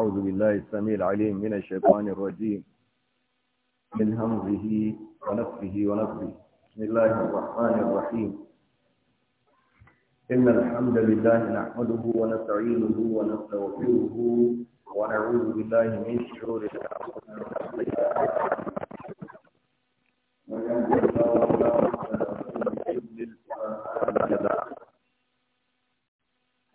أعوذ بالله السميع العليم من الشيطان الرجيم من همزه ونفسه ونفسه بسم الله الرحمن الرحيم إن الحمد لله نحمده ونستعينه ونستغفره ونعوذ بالله من شرور أنفسنا ومن يضلل فلا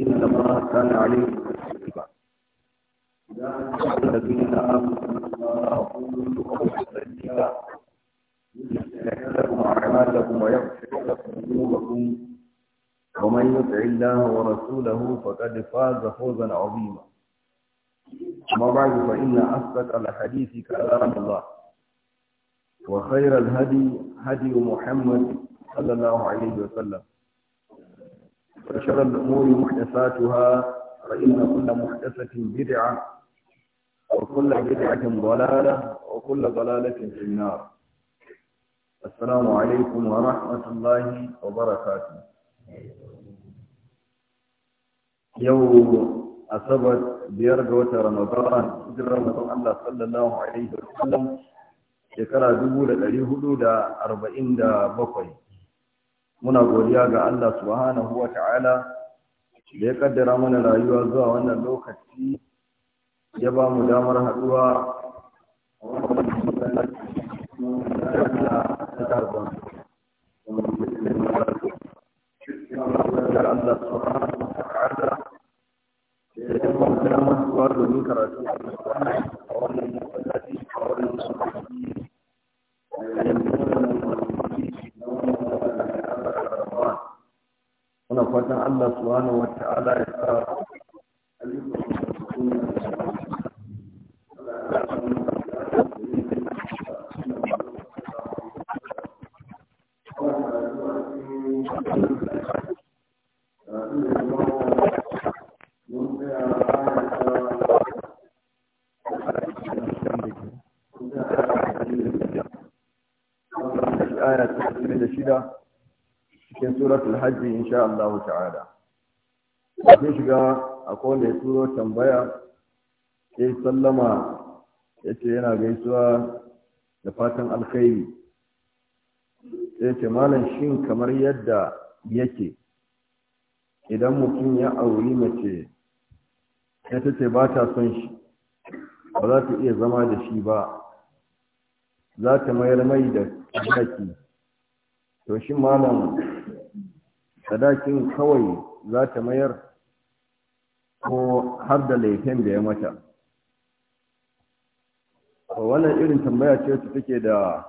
إن الله كان عليم حكيما يا الذين آمنوا الله سبيلا يصلح لكم أعمالكم ويغفر لكم ذنوبكم ومن يطع الله ورسوله فقد فاز فوزا عظيما أما بعد فإن أصدق الحديث كلام الله وخير الهدي هدي محمد صلى الله عليه وسلم وشر الأمور محدثاتها فإن كل محدثة بدعة وكل بدعة ضلالة وكل ضلالة في النار السلام عليكم ورحمة الله وبركاته يوم asabar biyar ga watan ramadan hijirar mutum Allah sallallahu alaihi shekara dubu da ɗari hudu da arba'in da bakwai muna godiya ga Allah subhanahu wa ta'ala da ya kaddara mana rayuwa zuwa wannan lokaci ya ba mu damar haɗuwa a wannan a wannan muna fatan Allah subhanahu wata'ala ya sa hajji insha Allah ta'ala kafin shiga a kowane turo tambaya sai sallama ya ce yana gaisuwa da fatan alkhairi sai ce malam shin kamar yadda yake idan mutum ya auri mace ya ta ce ba ta son shi ba za ta iya zama da shi ba za ta mayar mai da kaki to shi malam sadakin kawai za ta mayar ko har da laifin da ya mata wannan irin tambaya ce su take da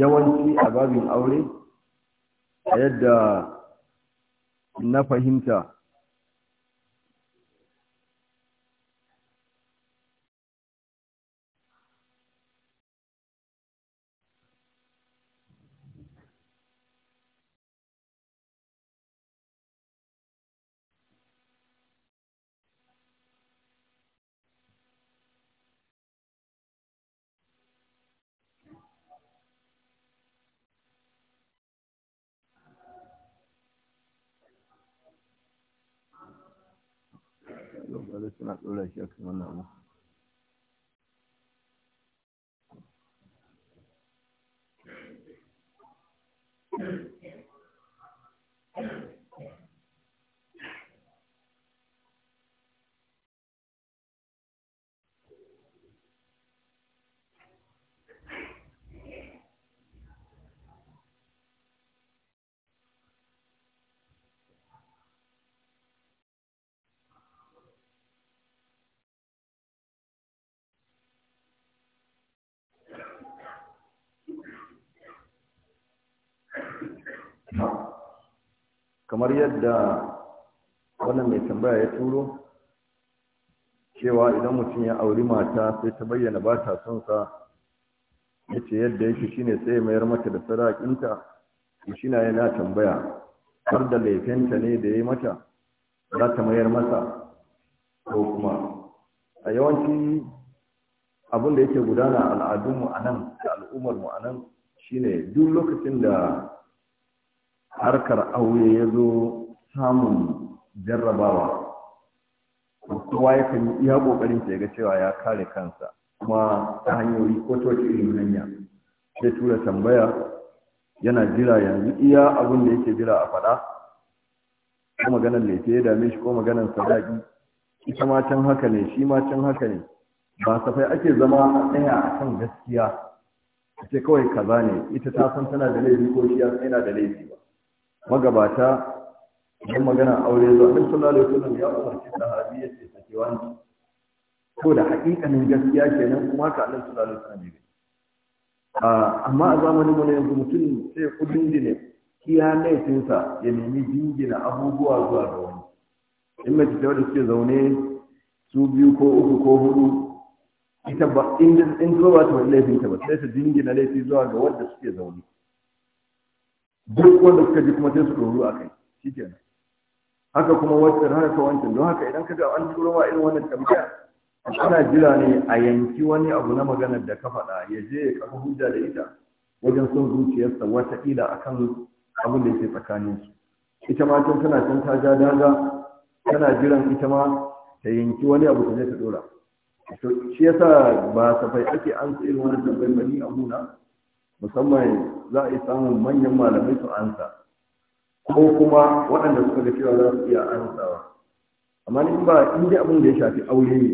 yawanci a babin aure a yadda na fahimta 未来些可能呢？kamar yadda wannan mai tambaya ya turo cewa idan mutum ya auri mata sai ta bayyana ba ta son sa ya ce yadda yake shine sai mayar mata da sadakinta shi na yana tambaya har da laifinta ne da ya yi mata za ta mayar masa ko kuma a yawanci abin da yake gudana al'adunmu a nan da al'ummarmu a nan shine duk lokacin da harkar aure ya zo samun jarrabawa kowa ya kan iya kokarin sa ya ga cewa ya kare kansa kuma ta hanyoyi ko ta wace irin hanya sai tura tambaya yana jira yanzu iya abin da yake jira a faɗa ko maganar laifi ya dame shi ko maganar sadaki ita ma can haka ne shi ma can haka ne ba safai ake zama a tsaya a kan gaskiya ce kawai kaza ne ita ta san tana da laifi ko shi yana da laifi ba magabata idan magana aure zuwa ɗin sallallahu alaihi wasallam ya umarci sahabi ya ce sake wani ko da haƙiƙanin gaskiya kenan kuma ka annabi sallallahu alaihi wasallam ne ah, amma a zamanin mu ne yanzu mutum sai ku dingine kiya laifinsa ya nemi dingina abubuwa zuwa ga wani in mace ta wadda suke zaune su biyu ko uku ko hudu ita ba in zuwa ba ta wani laifinta ba sai ta dingina laifi zuwa ga wadda suke zaune duk wanda suka ji kuma sai su ɗoru a kai shi shikenan haka kuma wancan ta wancan don haka idan ka ga an turo ma irin wannan tambaya ana jira ne a yanki wani abu na maganar da ka faɗa ya je ya kafa hujja da ita wajen son zuciyarsa wataƙila a kan abin da ke tsakaninsu ita ma tun tana can ta ja daga tana jiran ita ma ta yanki wani abu ta je ta ɗora to shi yasa ba safai ake an irin wani tambayi bani a muna musamman za a yi samun manyan malamai su ansa ko kuma waɗanda suka ga cewa za su iya ansawa amma in ba in dai abin da ya shafi aure ne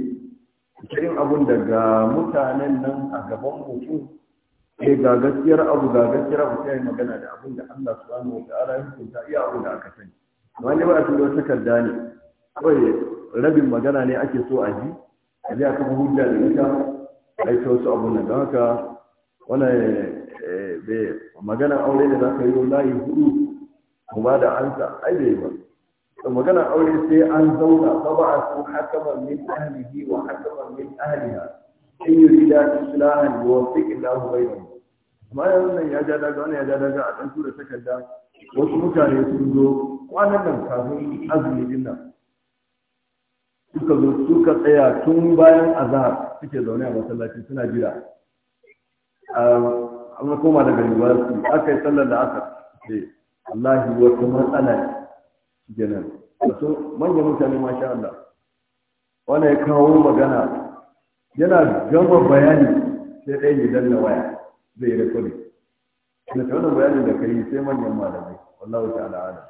irin yin da ga mutanen nan a gaban mutum ke eh, ga gaskiyar abu ga gaskiyar abu sai magana da abin da Allah subhanahu wataala yin hukunta iya abu da aka sani amma ne ba a wata takarda ne kawai rabin magana ne ake so a ji a ji a kafa hujja da ita a yi ta wasu abu da haka wani. maganar aure da za ka yi layi hudu kuma da ansa ai bai ba to maganar aure sai an zauna fa ba a so hakaman min ahlihi wa hakaman min ahliha in yurida islahan yuwaffiq Allahu bainahum amma yanzu ya ja daga wani ya ja daga a dan tura takarda wasu mutane sun zo kwanan nan kafin azumi din nan suka zo suka tsaya tun bayan azhar suke zaune a masallaci suna jira an koma daga university aka yi sallar da aka ce yi wata matsala kenan wato manyan mutane masha Allah wanda ya kawo magana yana gama bayani sai ɗaya ne danna waya zai yi rekodi da ta wannan bayanin da ka yi sai manyan malamai wallahu ta al'ada.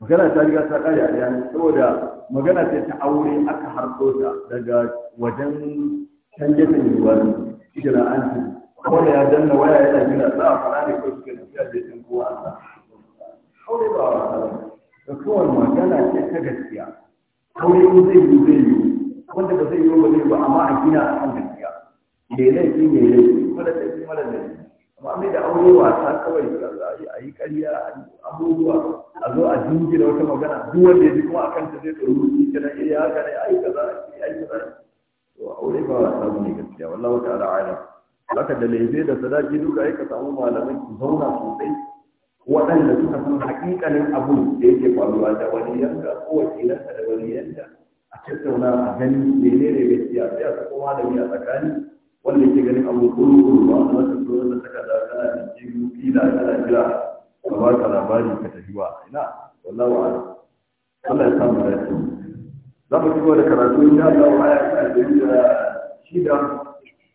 magana ta riga ta ƙare a yanzu saboda magana sai ta aure aka harko ta daga wajen canje ta yiwuwar ita an ce wanda ya danna waya yana gina za a fara ne ko suke tafiya da yin kowa a sa aure ba wa da kowane magana ce ta gaskiya aure in zai yi zai yi wanda ba zai yi ba zai yi ba amma a gina a kan gaskiya me laifi me laifi mara laifi mara laifi amma mai da aure wasa kawai a yi ƙarya abubuwa a zo a jingina wata magana duk wanda ya ji kuma akan ta zai tsoro shi kana iya haka ne ai kaza ai kaza to aure ba wasa bane gaskiya wallahi ta'ala alam haka da laife da sadaki duka ya ka samu malamai su zauna sosai waɗanda suka san haƙiƙanin abu da yake faruwa da wani yanka ko wakilanka da wani yanka a tattauna a gani mene ne gaskiya sai a sako malami a tsakani wanda yake ganin abu kuru kuru ba wanda maka so wanda saka da kana da jiru kila kana jira ka ba ka labari ka tafi ba ina wallahu a'lam Allah ya samu dace za mu ci gaba da karatu insha Allah aya da shida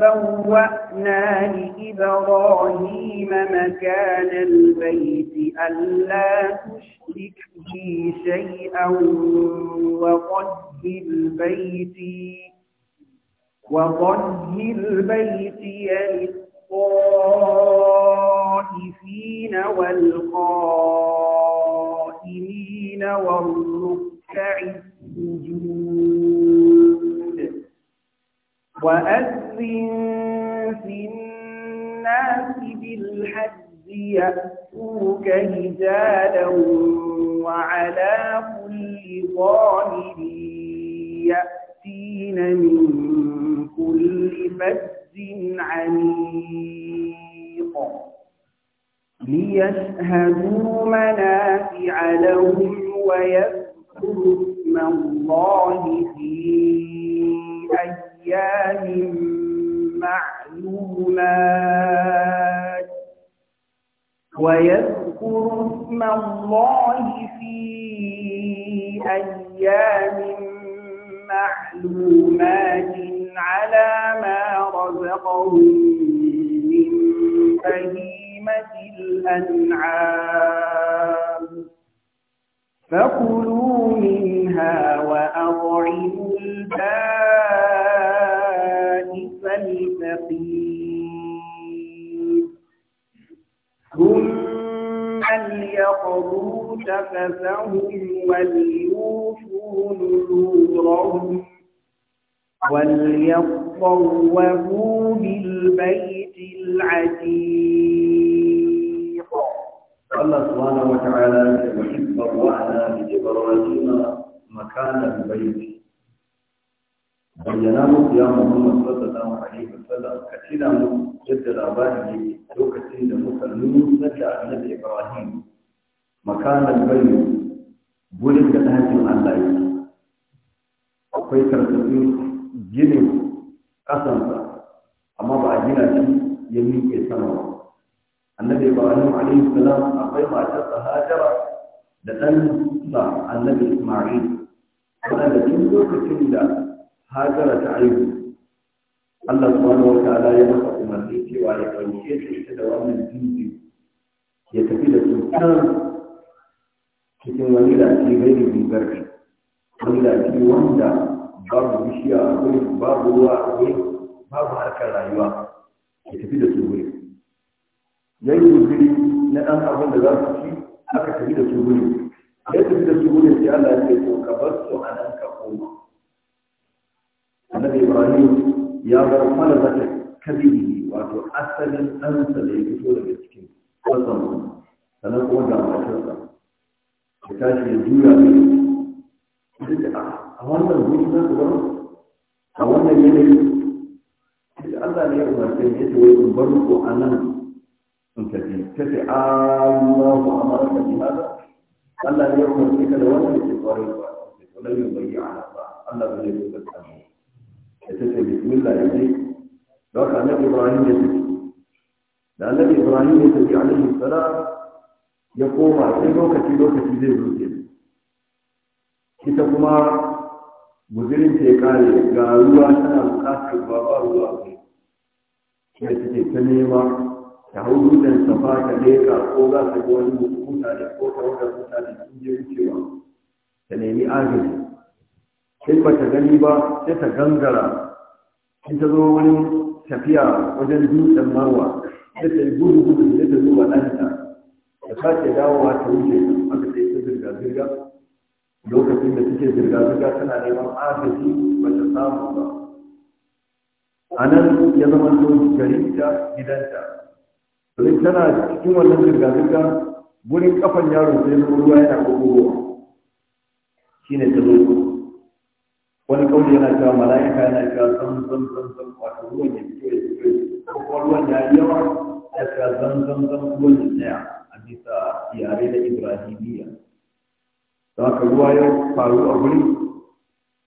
بوأنا لإبراهيم مكان البيت ألا تشرك بي شيئا وقد البيت وقد البيت للطائفين والقائمين والركع السجود وأذن في الناس بالحج يأتوك هجالا وعلى كل ظاهر يأتين من كل فج عميق ليشهدوا منافع لهم ويذكروا اسم الله في أي أيام معلومات ويذكر اسم الله في أيام معلومات على ما رزقهم من بهيمة الأنعام فكلوا منها وأطعموا البائس اتخذوا تفسهم وليوفوا نذورهم وليطوفوا بالبيت العتيق الله سبحانه وتعالى يحب بوأنا لإبراهيم مكان البيت bayyana muku ya Muhammad sallallahu alaihi wasallam ka tuna mu yadda labarin yake lokacin da muka nuna da Annabi Ibrahim makanan bari gurin da ɗakin Allah yi. akwai karkashin ginin ƙasansa amma ba a gina shi ya miƙe sama ba annabi ibrahim alaihi salam akwai matarsa hajara da ɗan sa annabi isma'il da tun lokacin da hajara ta aihu Allah subhanahu wa ta'ala ya masa umarni cewa ya ɗauke ta da wannan jinjiri ya tafi da su cikin wani da ake gani rigar shi wani da wanda babu bishiya a wurin babu ruwa a wurin babu harkar rayuwa ya tafi da su wuri yayi guzuri na ɗan abin da za su ci aka tafi da su wuri ya tafi da su wuri sai Allah ya ce to ka bar su a nan ka koma annabi Ibrahim ya bar mana zaka kabiri wato asalin ɗansa da ya fito daga cikin wasan sannan kuma da matarsa ya tashi ya juya ne ah, a wannan guri na su bar a wannan yanayi sai Allah ne ya umarce ne ta wai in bar ku a nan in tafi ta ce Allahu amara ka ji hada Allah ne ya umarce ka da wannan ke kwarai ba wala yin bayyana ba Allah ba zai kuka samu ya ta ce bismillah ya je da haka annabi Ibrahim ya tafi da annabi Ibrahim ya tafi alaihi salam ya koma sai lokaci lokaci zai rufe ita kuma guzirin ta kare ga ruwa tana bukatar ba ba ruwa ne ya cike ta nema ta hau dutsen safa ta leka ko za ta ga wani mutane ko ta wata da sun je wucewa ta nemi agaji Sai ba ta gani ba sai ta gangara sai ta zo wurin tafiya wajen dutsen marwa sai ta yi gudu gudu sai ta zuba ɗanta da sake dawowa ta wuce aka sai ta zirga-zirga lokacin da suke zirga-zirga tana neman agaji ba ta samu ba a nan ya zama to garinta gidanta domin tana cikin wannan zirga-zirga wurin kafan yaro sai ruwa yana kogowa shi ne ta zo wani kauli yana cewa mala'ika yana cewa zan zan zan zan wato ruwan ya fito ya fito ko ruwan ya yi yawa ya cewa zan zan zan ruwan ya tsaya bisa yare da ibrahimiyya za ka ruwa yau faru a wuri?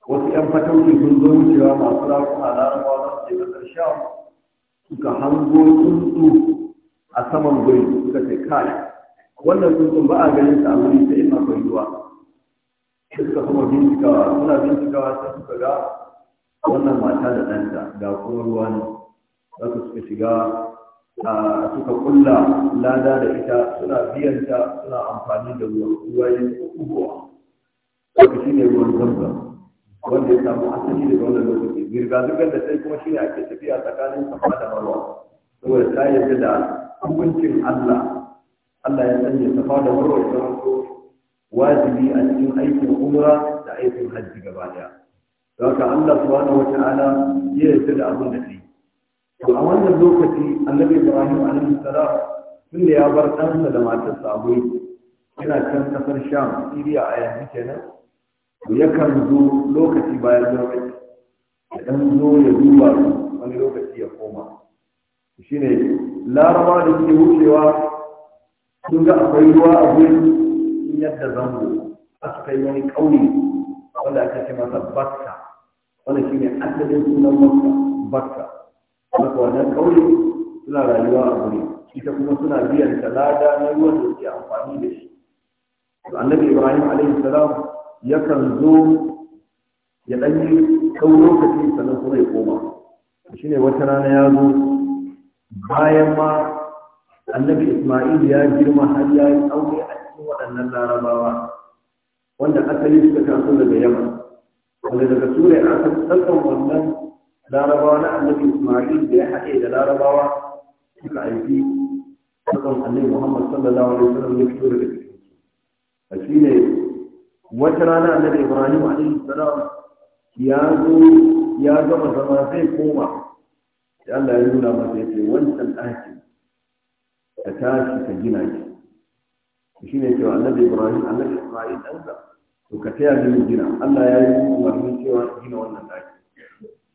wasu 'yan fatauki sun zo wucewa masu rakuna larabawa za su je da sham suka hango tsuntsu a saman guri suka ce kai wannan tsuntsun ba a ganin sa a wuri sai ina akwai ruwa sai suka kuma bincikawa suna bincikawa sai suka ga wannan mata da ɗanta ga kuma ruwa ne za su suka shiga suka kulla lada da ita suna biyanta suna amfani da ruwa ruwa yin kubuwa wanda shi ne ruwan zamzam wanda ya samu asali da wannan lokaci girga zirgar da sai kuma shi ne ake tafiya tsakanin safa da marwa saboda ta yarda da hukuncin Allah Allah ya sanya safa da marwa ya zama wajibi a cikin aikin umra da aikin hajji gaba daya don haka Allah subhanahu wa ta'ala ya yarda da abin da ta a wannan lokaci annabi ibrahim alaihi salam tun da ya bar ɗansa da matarsa a yana can kasar sham siriya a yanzu kenan to yakan zo lokaci bayan lokaci ya ɗan zo ya duba wani lokaci ya koma shine laraba da ke wucewa sun ga akwai ruwa a wurin yadda zango aka kai wani ƙauye wanda aka ce masa bakka wanda shine ne asalin sunan makka bakka Masu wannan ƙauye suna rayuwa a guri ita kuma suna biyan talada na ruwan da suke amfani da shi to annabi ibrahim alaihi salam yakan zo ya ɗan yi ɗau lokaci sannan kuma ya koma ne wata rana ya zo bayan ma annabi Ismail ya girma har ya yi aure a cikin waɗannan larabawa wanda asali suka taso daga yamma wanda daga turai aka tsakan wannan larabawa na annabi ismail da ya haɗe da larabawa suka aiki sukan annabi muhammad sallallahu alaihi wasallam ya fito daga a shi ne wata rana annabi ibrahim alaihi salam ya zo ya gama zama zai koma sai allah ya nuna masa ya ce wancan ɗaki ka tashi ka gina shi shi ne cewa annabi ibrahim annabi ismail ɗansa to ka taya mini gina allah ya yi umarni cewa gina wannan ɗaki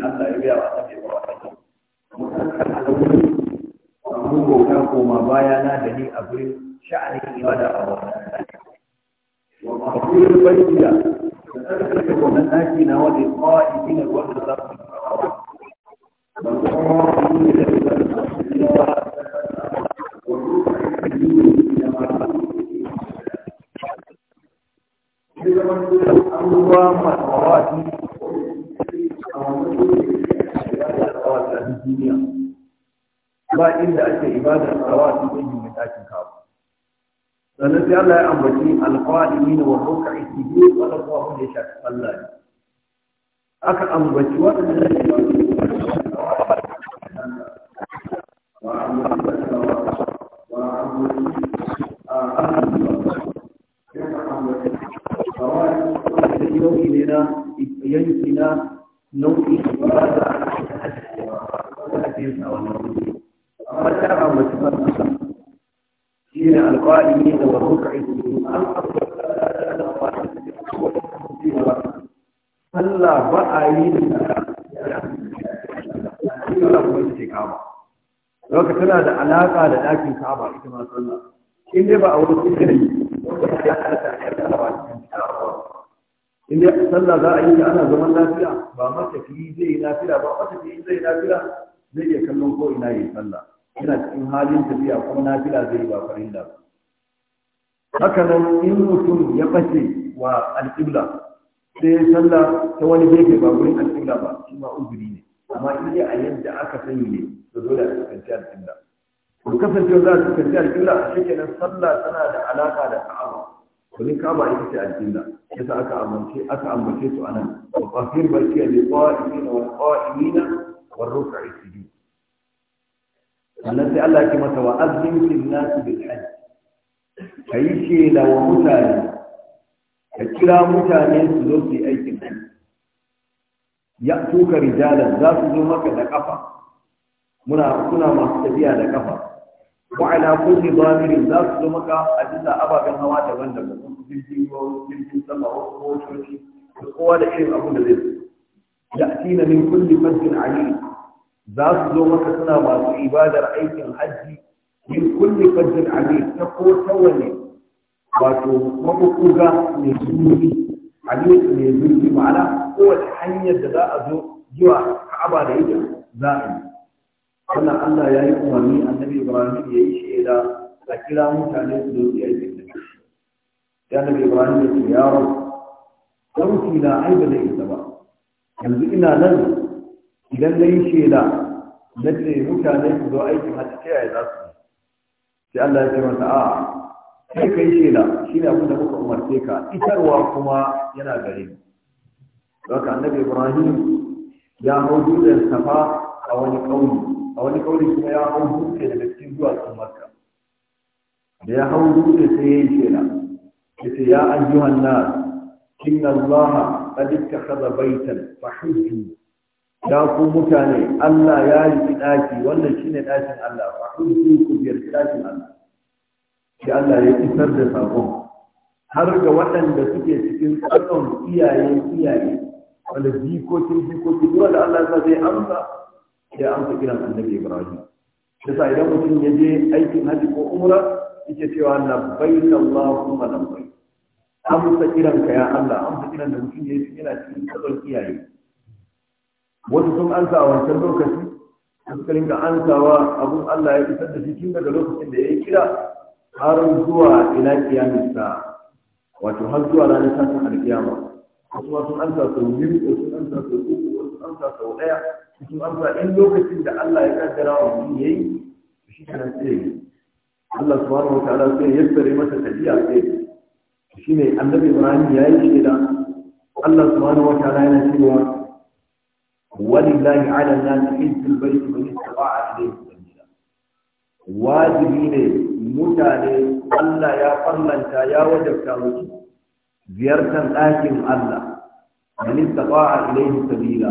ubangiji Allah ya gaya wa annabi Ibrahim mun bauta koma baya na da ni a gurin sha'anin ibada a wannan wa aqul bayya da tsarkake wannan daki na wani qa'idin wanda za ku Allahumma wa rahmatullahi ba inda ake ibadar tsawa su ɗin yin ɗakin kawo sannan sai Allah ya ambaci alƙawari na wa hauka isi biyu wani kuma wanda ya shafi sallah ne aka ambaci waɗanda ne ba su yi wa ambaci da tsawa a ambaci da nau'i na ba da ake yin tsawa na فترى متفرقا حين القائمين والركع السجود أن صلى بأعين Loka tana da alaƙa da ɗakin Ka'aba ita ma sallah. In dai ba a wurin cikin In dai sallah za a yi da ana zaman lafiya, ba matafi zai yi lafiya ba matafiyi zai lafiya zai iya kallon ko ina yin sallah. yana cikin halin tafiya kuma na fila zai ba da haka nan in mutum ya bace wa alƙibla sai ya sallah ta wani gefe ba gurin alƙibla ba shi ma uzuri ne amma in yi a yadda aka sani ne zo dole a kasance alƙibla ko kasance za su kasance alƙibla a shi kenan sallah tana da alaƙa da ka'aba domin ka'aba ita ce alƙibla yasa aka amince aka ambace su anan wa qafir barkiya li qa'imina wal qa'imina wal ruk'i sujud sannan sai Allah ya ce masa wa azmin fil nas bil Ka yi ce da wa mutane ka kira mutane su zo su yi aikin hajji ya tuka rijalan za su zo maka da kafa muna kuna masu tafiya da kafa wa ala kulli zamirin za su zo maka a bisa ababen hawa daban-daban wasu jirgin ruwa wasu jirgin sama wasu kowa da irin abu da zai zo na min kulli fajjin alim za su zo maka suna masu ibadar aikin hajji min kulli fajjin ali ta ko ta wani wato makukuga mai zurfi ali mai zurfi ma'ana kowace hanyar da za a zo zuwa ka'aba da ita za a yi wannan Allah ya yi umarni annabi Ibrahim ya yi shaida a kira mutane su zo su yi aikin da shi ya Ibrahim ya ce ya rabu ɗauki na ai ba ba yanzu ina nan idan na yi shela na ce mutane su zo aikin hajji ta yaya za su sai Allah ya ce masa a sai yi shela shi ne abin da muka umarce ka isarwa kuma yana gare mu haka annabi Ibrahim ya hau dutsen safa a wani ƙauye a wani ƙauye kuma ya hau dutse daga cikin zuwa cikin Makka da ya hau dutse sai ya yi shela ce ya ayyuhan nas inna Allah qad ittakhadha baytan fa hujju ya ku mutane Allah ya yi ɗaki wannan shi ne ɗakin Allah ba kun su ku ziyarci ɗakin Allah shi Allah ya isar da sabon har ga waɗanda suke cikin tsakon iyaye iyaye wanda jikokin jikokin da Allah ya zai amsa ya amsa kiran annabi Ibrahim yasa idan mutum ya je aikin haji ko umra yake cewa Allahu Allahumma labbaik amsa kiran ka ya Allah amsa kiran da mutum ya yi yana cikin tsakon iyaye wasu sun ansa a wancan lokaci da suka rinka ansawa abun Allah ya isar da shi tun daga lokacin da ya yi kira har zuwa ila kiyamista sa wato har zuwa ranar sasin alkiyama wasu ma sun ansa sau biyu wasu sun ansa sau uku wasu sun ansa sau ɗaya wasu sun ansa in lokacin da Allah ya kaddara wa mutum ya yi shi kana sai yi Allah subhanahu wa ta'ala sai yassare masa tafiya sai shi ne annabi Ibrahim ya yi shaida Allah subhanahu wa ta'ala yana cewa walillahi ala nas hizbul bayt man istata'a ilayhi sabila wajibi ne mutane Allah ya farlanta ya wajabta musu ziyartar ɗakin Allah man istata'a ilayhi sabila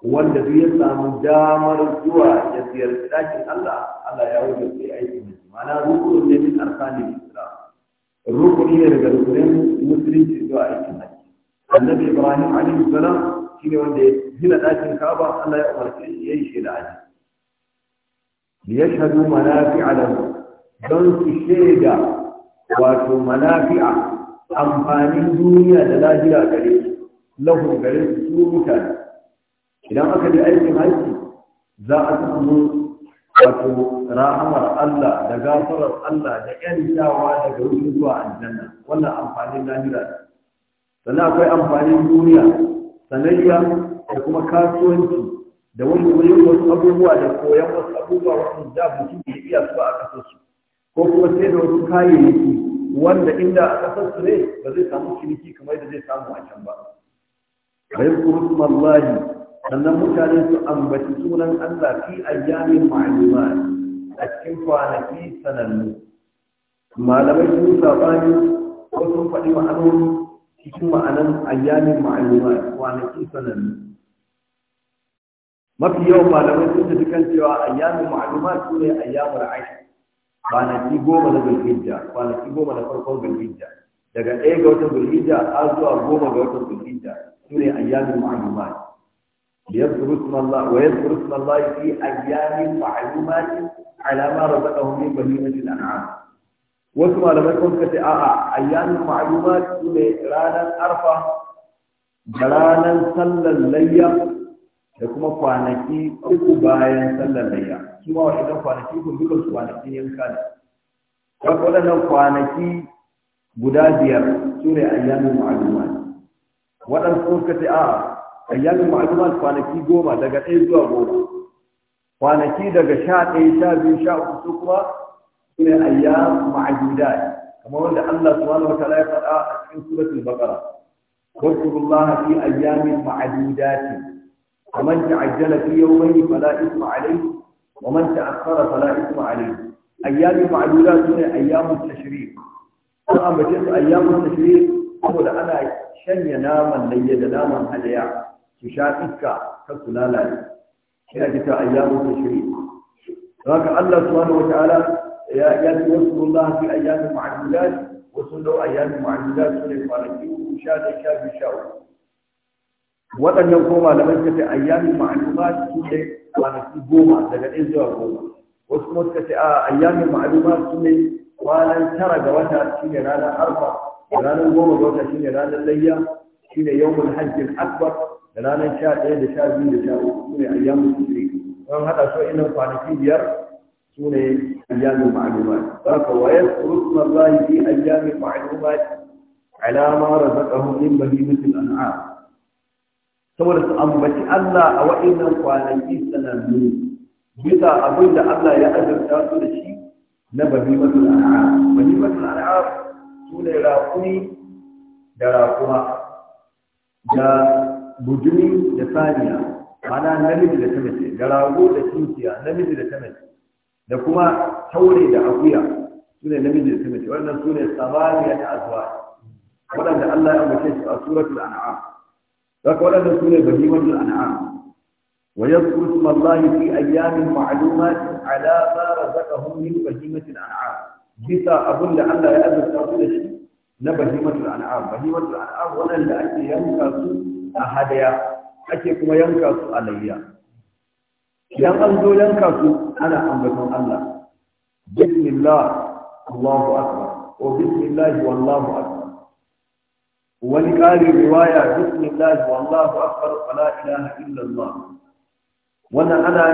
wanda duk ya samu damar zuwa ya ziyarci ɗakin Allah Allah ya wajabta aikin mana rukunin ne min arkanin islam rukuni ne daga rukunin musulunci zuwa aikin hajji annabi ibrahim alaihi salam shine wanda ya gina ɗakin kaba Allah ya umarce shi yayi shi da aji liyashhadu manafi'a lahu don su shaida wato manafi'a amfanin duniya da lahira gare su lahu gare su su mutane idan aka je aikin haji za a samu wato rahamar Allah da gafarar Allah da ƴantawa daga wurin zuwa aljanna wannan amfanin lahira sannan akwai amfanin duniya sanayya da kuma kasuwanci da wani wani wasu abubuwa da koyan wasu abubuwa wasu da mutum ke iya su a kasar ko kuma sai da wasu kayayyaki wanda inda a kasar su ne ba zai samu ciniki kamar da zai samu a can ba kuma kuma Allah sannan mutane su ambaci sunan Allah fi ayyamin ma'lumat a cikin kwanaki sanannu malamai sun sabani ko sun faɗi ma'anoni cikin ma'anan ayyamin kwanaki sanannu mafi yawan malamai sun tafi kan cewa ayyamin ma'aluma su ne ayyamar aiki kwanaki goma na zulhijja kwanaki goma na farkon zulhijja daga ɗaya ga watan zulhijja har zuwa goma ga watan zulhijja su ne ayyamin ma'aluma ويذكر اسم الله في أيام معلومات على ما رزقهم من بهيمة الأنعام wasu malamai kuma suka ce a'a ayyamin ma'aluma su ne ranar arfa da ranar sallar layya da kuma kwanaki uku bayan sallar layya su ma wa'idan kwanaki uku dukkan su kwanakin yanka ne Wasu waɗannan kwanaki guda biyar su ne ayyamin ma'aluma waɗansu suka ce a'a ayyamin su kwanaki goma daga ɗaya zuwa goma kwanaki daga sha ɗaya sha biyu sha uku su kuma shine ayyam ma'dudat kamar wanda Allah subhanahu wataala ya faɗa a cikin suratul baqara wazkurullaha fi ayyamin ma'dudat ومن تعجل في يومين فلا إثم عليه ومن تأخر فلا إثم عليه أيام معدودات هنا أيام التشريق أما جزء أيام التشريق saboda ana shanya naman layya da naman halaya su sha iska ta su lalace shi ake ta ayyamu ta shiri haka Allah subhanahu wataala يا أيام واذكروا الله في أيام معدودات وصلوا أيام معدودات سنة فاركي وشاد شاد شاور وطن يوم على مسكة أيام معلومات سنة فاركي قومة لقد إنزوا قومة واسمه مسكة أيام معلومات سنة وانا ترى جواتها سنة رانا أربع رانا قومة جواتها سنة رانا الليا سنة يوم الحج الأكبر رانا شاد إيه شاد بيه شاد سنة أيام التشريك وأنا هذا سوء إنه فاركي بيار sune ayyamin ma'lumat haka wa yasrutna allahi fi ayyamin ma'lumat ala ma razaqahum min bahimatil an'am saboda su ambaci Allah a wa'annan kwanaki sanannu bisa abin da Allah ya azurta su da shi na bahimatul an'am bahimatul an'am su raƙuni da raƙuma da bujumi da saniya ana namiji da ta mace da rago da kinciya namiji da ta mace da kuma taure da akuya su ne namiji da sumiti wannan su ne samaniya da aswa waɗanda Allah ya ambace su a suratul an'am zaka waɗanda su ne bahimatul an'am wa yadhkuru isma Allah fi ayyamin ma'lumat ala ma razaqahum min bahimatil an'am bisa abun da Allah ya azurta su da shi na bahimatul an'am bahimatul an'am waɗanda ake yanka su a hadaya ake kuma yanka su a layya idan an zo yanka su ana ambaton Allah bismillah Allahu akbar wa bismillah wallahu akbar wani ƙarin riwaya bismillah wallahu akbar wala ilaha illa Allah wannan ana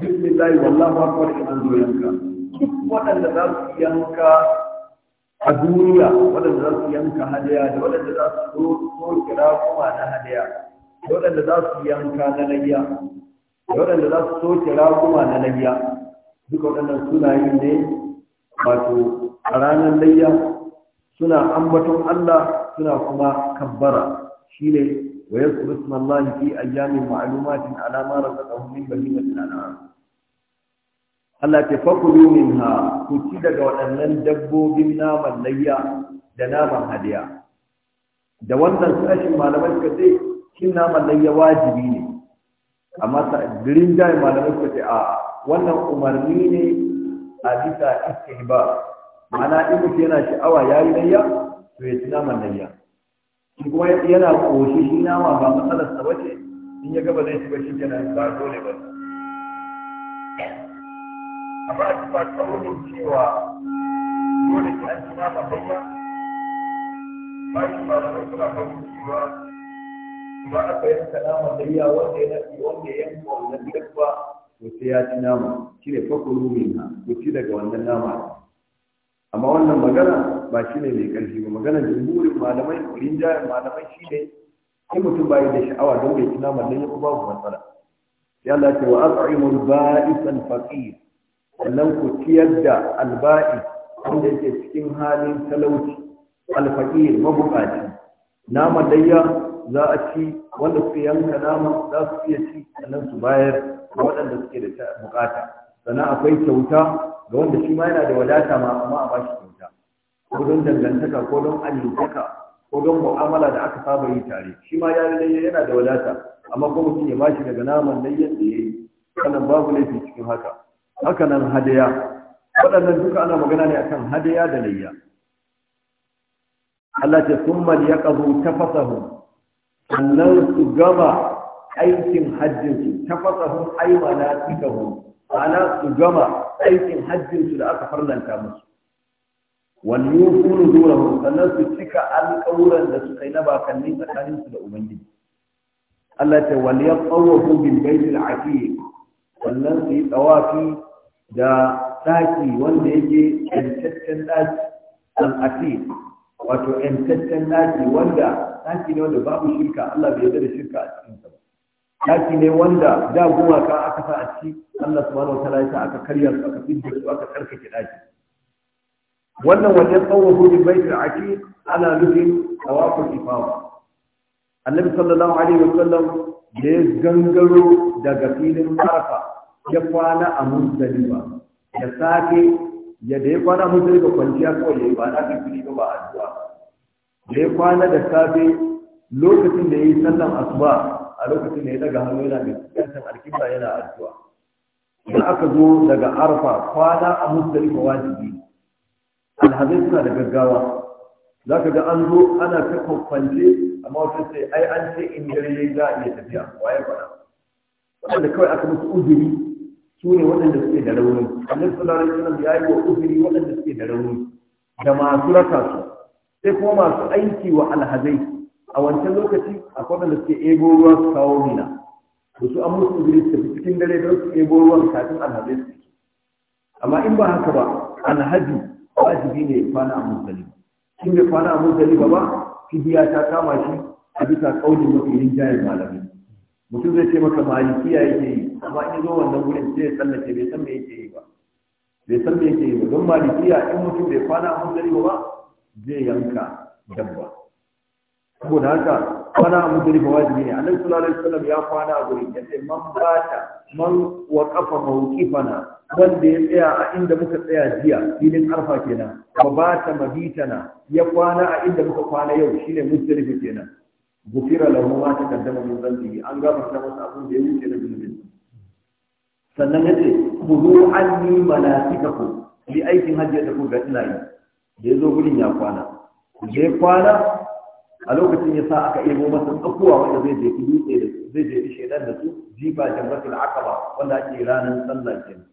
bismillah wallahu akbar idan zo yanka duk waɗanda za su yanka a duniya waɗanda za su yanka hadaya da waɗanda za su zo kira kuma na hadaya da waɗanda za su yanka na layya waɗanda za su soke raguma na layya duka waɗannan suna yi ne wato a ranar layya suna ambaton Allah suna kuma kabbara shine wa yadhkuru ismallahi fi ayyamin ma'lumatin da ma min bahimatil an'am Allah ta min ha ku ci daga waɗannan dabbobin naman layya da naman hadiya da wannan sashin malamai suka ce cin naman layya wajibi ne amma ta green jai malamai suka ce a wannan umarni ne a bisa istihba ma'ana in mutum yana sha'awa ya yi layya to ya ci naman layya shi kuma yana koshi shi nama ba matsalarsa ba ce in ya gaba zai ci ba shi kenan ba dole ba amma a cikin tsaunin cewa dole ki an ci nama layya bayan malamai suna fahimci ba. kuma aka yanka naman iya wanda ya nafi wanda ya yanka wannan dabba to sai ya ci nama shi ne fakuru minha ku ci daga wannan nama amma wannan magana ba shi ne mai ƙarfi ba maganar jumhurin malamai jayar malamai shi ne in mutum ba da sha'awa don bai ci nama, don ya ko babu matsala Ya Allah ce wa at'imul ba'isan faqir sannan ku ciyar da alba'i wanda yake cikin halin talauci alfaqir mabukaci nama layya za a ci wanda suke yanka nama za su iya ci sannan su bayar ga waɗanda suke da bukata sannan akwai kyauta ga wanda shi ma yana da wadata ma amma a bashi kyauta ko don dangantaka ko don alintaka ko don mu'amala da aka saba yi tare shi ma ya yi yana da wadata amma ko mutum ya bashi daga naman nan yadda ya yi sannan babu laifi cikin haka haka nan hadaya waɗannan duka ana magana ne akan hadaya da layya Allah ce sun mali ya ƙazo ta fasahu sannan su gama aikin hajjinsu ta fasahun aimana tikahun ana su gama aikin hajjinsu da aka farlanta musu wani yufuru zuwa sannan su cika alƙawuran da suka yi na bakannin tsakaninsu da ubangiji Allah ta wal yaqawu bil baytil aqiq sannan su yi tsawafi da saki wanda yake yantaccen daki al aqiq wato yantaccen daki wanda Daki ne wanda babu shirka Allah bai yarda da shirka a cikin sa Daki ne wanda da gumaka aka sa a ciki Allah subhanahu ta'ala ya sa aka karya su aka fidda su aka karkake daki. wannan tsawon tsawahu bi baitul aqiq ana nufin tawaful ifada annabi sallallahu alaihi wasallam da ya gangaro daga filin arafa ya kwana a muzdalifa Ya sake ya da ya kwana muzdalifa kwanciya kawai ya yi ba na fili ba a addu'a da ya kwana da safe lokacin da ya yi sallan asuba a lokacin da ya daga hannu yana mai kansan alkibla yana addu'a idan aka zo daga arfa kwana a musdalifa wajibi alhazai suna da gaggawa za ka ga an zo ana ta kwakwance amma wata sai ai an ce in dare yi za a iya tafiya waye faɗa waɗanda kawai aka musu uzuri su ne waɗanda suke da rauni annabi sallallahu alaihi wasallam ya yi wa uzuri waɗanda suke da rauni da masu raka su sai kuma masu aiki wa alhazai a wancan lokaci a kwanan da suke ebo ruwa su kawo mina da su an musu izini su tafi cikin dare don su ebo ruwan kafin alhazai su amma in ba haka ba alhaji wajibi ne ya kwana a musali in bai kwana a musali ba ba, fidiya ta kama shi a bisa kaunin mafi rinjayen malamai mutum zai ce maka malikiya yake yi amma in zo wannan wurin sai ya tsallake bai san me yake yi ba bai san me yake yi ba don malikiya in mutum bai kwana a musali ba zai yanka dabba saboda haka kwana a mutane ba wajibi ne annabi sallallahu alaihi wasallam ya kwana a gurin yace man bata man waqafa mawqifana wanda ya tsaya a inda muka tsaya jiya filin arfa kenan ba bata mabitana ya kwana a inda muka kwana yau shine mutalifa kenan gufira lahu ma kaddama min dhanbihi an ta masa abun da ya wuce na zunubin sannan yace khudhu anni manasikakum li aikin hajji da ku ga ina yi da ya zo gudun ya kwana da ya kwana a lokacin ya sa aka ebo masa tsakuwa wanda zai jefi dutse da su zai jefi shaidan da su jifa jamratul akaba wanda ake ranar sallah kenan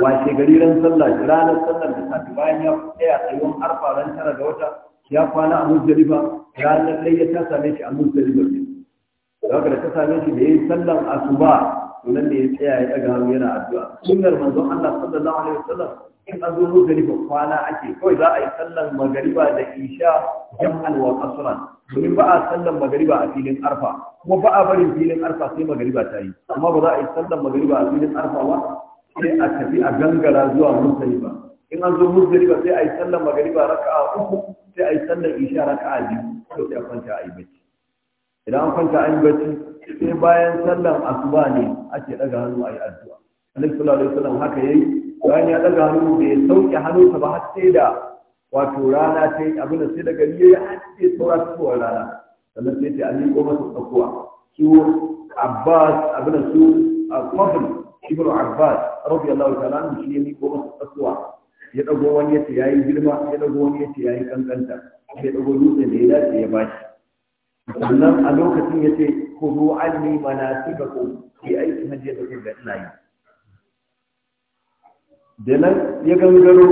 washe gari ran sallah ranar sallar da safi bayan ya tsaya tsayuwan arfa ran tara ga wata ya kwana a muzdalifa ranar ɗaya ta same shi a muzdalifa ne da haka da ta same shi da ya yi sallan asuba nan da ya tsaya ya ɗaga hannu yana addu'a sunnar manzo Allah sallallahu alaihi wasallam in an zo ba kwana ake kawai za a yi sallan magariba da isha jam'an wa qasran domin ba a sallan magariba a filin arfa kuma ba a barin filin arfa sai magariba ta yi amma ba za a yi sallan magariba a filin arfa ba sai a tafi a gangara zuwa ba. in an zo ba sai a yi sallan magariba raka'a uku sai a yi sallan isha raka'a biyu sai a kwanta a yi bacci idan an kwanta an yi bacci sai bayan sallan asuba ne ake daga hannu a yi addu'a annabi sallallahu alaihi wasallam haka yayi bayan ya daga hannu bai sauke hannunsa ba har sai da wato rana ta yi abin da sai da gari ya yi har sai saura fitowar rana sannan sai ta an yi goma su tsakuwa su abbas abin da su fadl ibnu abbas radiyallahu ta anhu shi ya miko masa tsakuwa ya dago wani ya yi girma ya dago wani ya yace yayi kankanta ya dago dutse da ya dace ya bashi sannan a lokacin ya ce ku zo an yi mana siga ku ke aiki hajji ya da ina yi da nan ya gangaro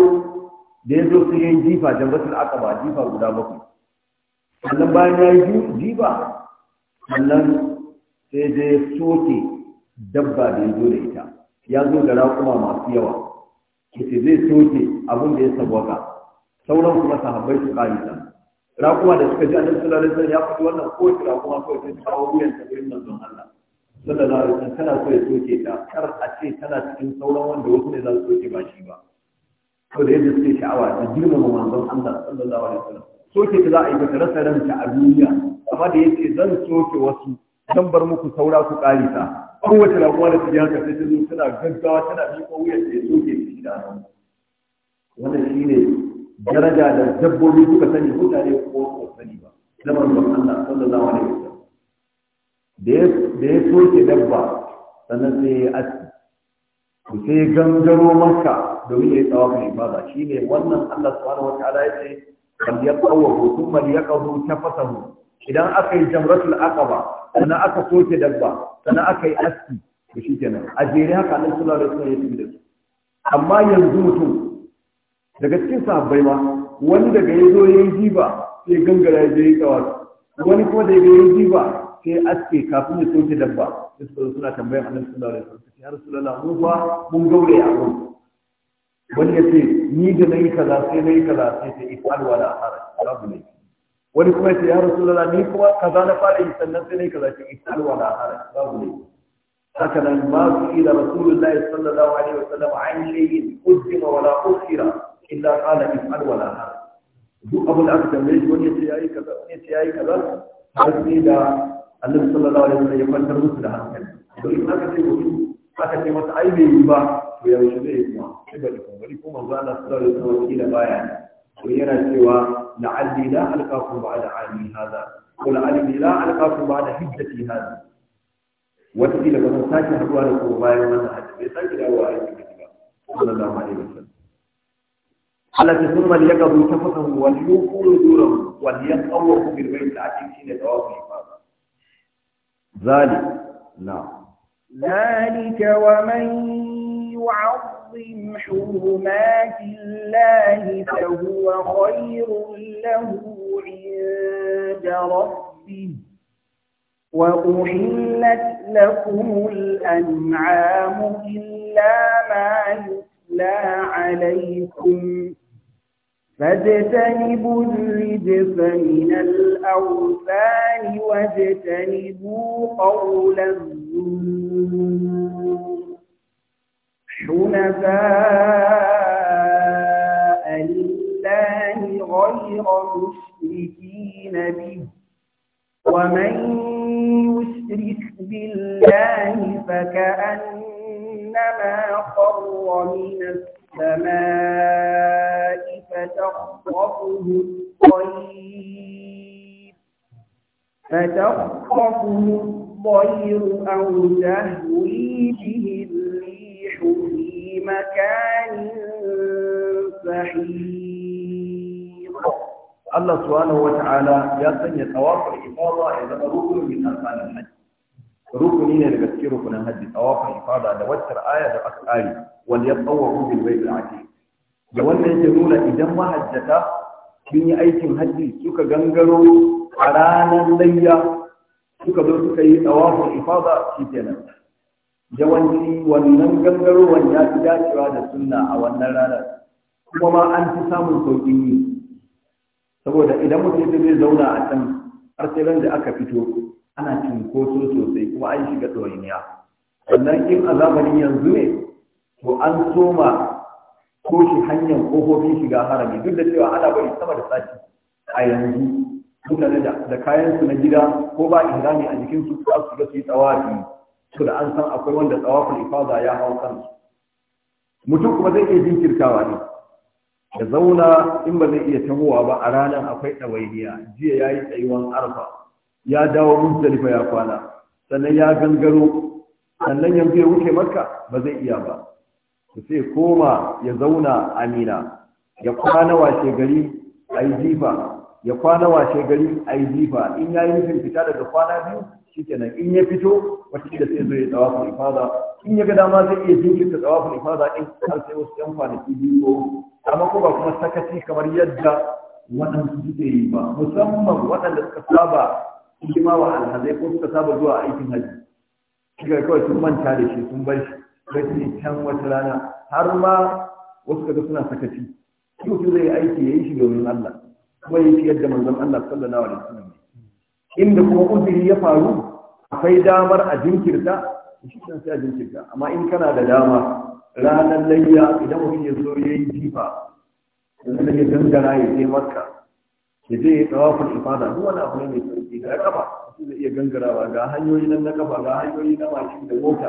da ya zo su yi jifa aka ba jifa guda bakwai sannan bayan ya yi jifa sannan sai da ya soke dabba da ya zo da ita ya zo da raƙuma masu yawa ke zai soke abin da ya sabwaka sauran kuma sahabbai su ƙarisa Rakuma da suka ji annabi sallallahu alaihi wasallam ya fito wannan ko ki raƙuma ko ki kawo wuyan ta gurin manzon Allah sallallahu alaihi wasallam tana so ya soke ta kar a ce tana cikin sauran wanda wasu ne za su soke ba shi ba to da yadda suke sha'awa da girmama manzon Allah sallallahu alaihi wasallam soke ta za a yi ta rasa ranta a duniya amma da yace zan soke wasu zan bar muku saura ku ƙarisa kowace raƙuma da suke ji haka sai ta zo tana gaggawa tana ko wuyan ta ya soke shi da wannan shine daraja da dabbobi suka sani mutane ko ko sani ba na manzon Allah sallallahu alaihi wasallam da ya soke dabba sannan sai ya aski ku sai ya gangaro maka domin ya yi tsawa mai ibada shine wannan Allah subhanahu wataala ya ce bal ya thumma yaqahu mu idan aka yi jamratul aqaba sannan aka soke dabba sannan aka yi aski to kenan a jere haka Allah sallallahu alaihi wasallam ya tafi da su amma yanzu mutum daga cikin sahabbai ma wani daga ya zo ya jiba sai gangara ya je ya kawa wani kuma daga ya jiba sai aske kafin ya soke dabba da suka suna tambayan annabi sallallahu alaihi wasallam ya rasulullah mun ba mun gaure a gurin wani ya ce ni da nayi kaza sai nayi kaza sai ta ifal wala har babu ne wani kuma ya ce ya rasulullah ni kuma kaza na fara yi sannan sai nayi kaza sai ifal wala har babu ne haka nan ba su ila rasulullahi sallallahu alaihi wasallam an yi shay'in qaddama wala ukhira illa qala in alwala duk abin da aka tambaye shi wani ya yi kaza wani ya yi kaza har sai da Allah sallallahu alaihi wasallam ya kwantar musu da hankali to in aka ce mutum aka ce masa ai bai yi ba to yaushe zai yi kuma sai bari kuma wani kuma za a Allah sallallahu alaihi wasallam kila baya to yana cewa la'alli la ba ba'da ami hada ko la'alli la alqakum ba'da hiddati hada wata kila ba san sake haduwa da kuma bayan wannan hajji bai sake dawowa a yi yankin ba sallallahu alaihi wasallam حلث ثم ليقضوا تفتهم وليوفوا نذورهم وليطوفوا بالبيت العتيق حين تواف ذلك نعم ذلك ومن يعظم حرمات الله فهو خير له عند ربه وأحلت لكم الأنعام إلا ما يتلى عليكم فاجتنبوا الرجس من الأوثان واجتنبوا قول الزور حنفاء لله غير مشركين به ومن يشرك بالله فكأنما خر من السماء فتخطفه الطير فتخطفه الطير أو تهوي به الريح في مكان سحيق الله سبحانه وتعالى يقين يتوافق الحفاظة إذا أروكم من أرقام الحج ركن هنا لبسكي ركن الهدي توافق الحفاظة لوتر آية ذا آية. أسآل بالبيت العتيق da wanda yake nuna idan mahajjata sun yi aikin hajji suka gangaro a ranar layya suka zo suka yi tsawafin ifada shi kenan yawanci wannan gangarowar ya fi dacewa da sunna a wannan ranar kuma ma an fi samun sauƙin yi saboda idan mutum zai zauna a can har sai ran da aka fito ana cinkoso sosai kuma an shiga ɗoyiniya sannan in a zamanin yanzu ne to an soma toshe hanyar kofofin shiga harami duk da cewa ana bari sama da sati a yanzu mutane da kayansu na gida ko ba ihrami a jikinsu su su ga su yi tsawafi to da an san akwai wanda tsawafin ifada ya hau kansu mutum kuma zai iya jinkirtawa ne da zauna in ba zai iya tahowa ba a ranar akwai ɗawainiya jiya ya yi tsayuwan arfa ya dawo mutalifa ya kwana sannan ya gangaro sannan yanzu ya wuce makka ba zai iya ba sai koma ya zauna amina ya kwana washe gari a yi jifa ya kwana washe gari a yi jifa in ya yi nufin fita daga kwana biyu kenan. in ya fito wata da sai zo ya tsawafu ifada in ya ga dama zai iya jinkirta tsawafu ifada in har sai wasu yan kwanaki biyu ko amma ko ba kuma sakaci kamar yadda waɗansu suke yi ba musamman waɗanda suka saba hikima wa alhazai ko suka saba zuwa aikin hajji kika kawai sun manta da shi sun bar shi wai wata rana har ma wasu kaga suna sakaci shi mutum zai aiki ya yi shi domin Allah kuma ya shi yadda manzon Allah sallallahu alaihi wasallam inda kuma uzuri ya faru akwai damar a jinkirta shi kan sai a jinkirta amma in kana da dama ranar layya idan mutum ya zo ya yi jifa yanzu da ya dangana ya je makka ya je ya tsawafin ifada duk wani abu ne mai sauki ga kafa zai iya gangarawa ga hanyoyi nan na kafa ga hanyoyi na mashin da mota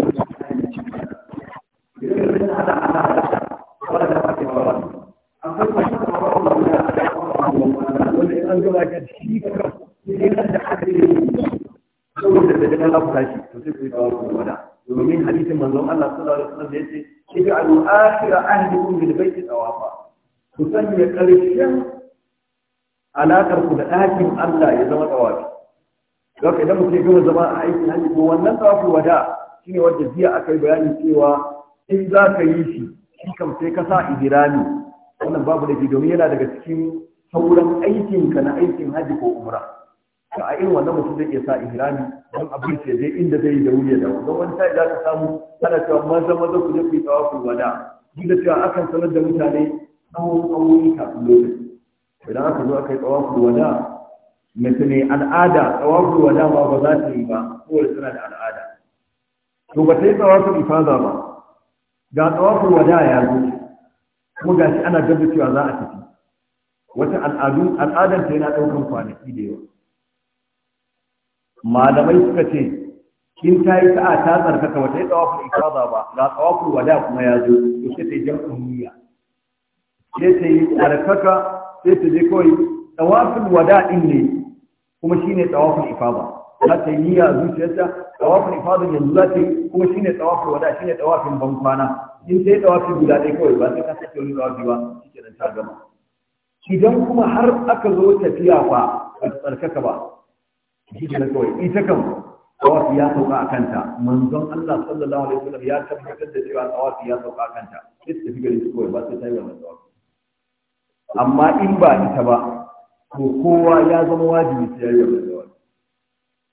da a Allah ya zama tsawafi. Yau idan mutum ya gama zama a aikin hannu ko wannan tsawafi wada shine wanda jiya aka yi bayani cewa in za ka yi shi shi kam sai ka sa ihrami wannan babu da domin yana daga cikin sauran aikinka na aikin hajji ko umra ka a irin wannan mutum zai iya sa ihrami don abin ce zai inda zai yi da wuri ya dawo don wani sa'i za ka samu ana cewa maza maza ku je ku yi tsawafin wada duk da cewa akan sanar da mutane tsawon tsawon kafin lokaci idan aka zo aka yi tsawafin wada mutum al'ada tsawafin wada ma ba za ta yi ba kowace tana da al'ada to ba ta yi tsawafin ifaza ba ga tsawafin wada ya zo kuma ga shi ana gaba cewa za a tafi wata al'adu al'adar ta yana ɗaukan kwanaki da yawa malamai suka ce in ta yi sa'a ta tsarkaka wata yi tsawafin ifaza ba ga tsawafin wada kuma ya zo to sai ta yi jam'in niyya sai ta yi tsarkaka sai ta je kawai tsawafin wada ɗin ne kuma shine tsawafin ifaza za ta yi niyya a zuciyarta tawafin ifadun yanzu za ta yi kuma shi ne tawafin wada shi ne tawafin kwana, in sai tawafin guda ɗaya kawai ba sai ka sake wani tawafi ba shi ke kenan ta gama idan kuma har aka zo tafiya fa ba ta tsarkaka ba shi ke kenan kawai ita kam tawafi ya sauka a kanta manzon Allah sallallahu alaihi wasallam ya tabbatar da cewa tawafi ya sauka a kanta sai ta tafi garin kawai ba sai ta yi wa tawafi amma in ba ita ba to kowa ya zama wajibi sai ya yi wannan tawafi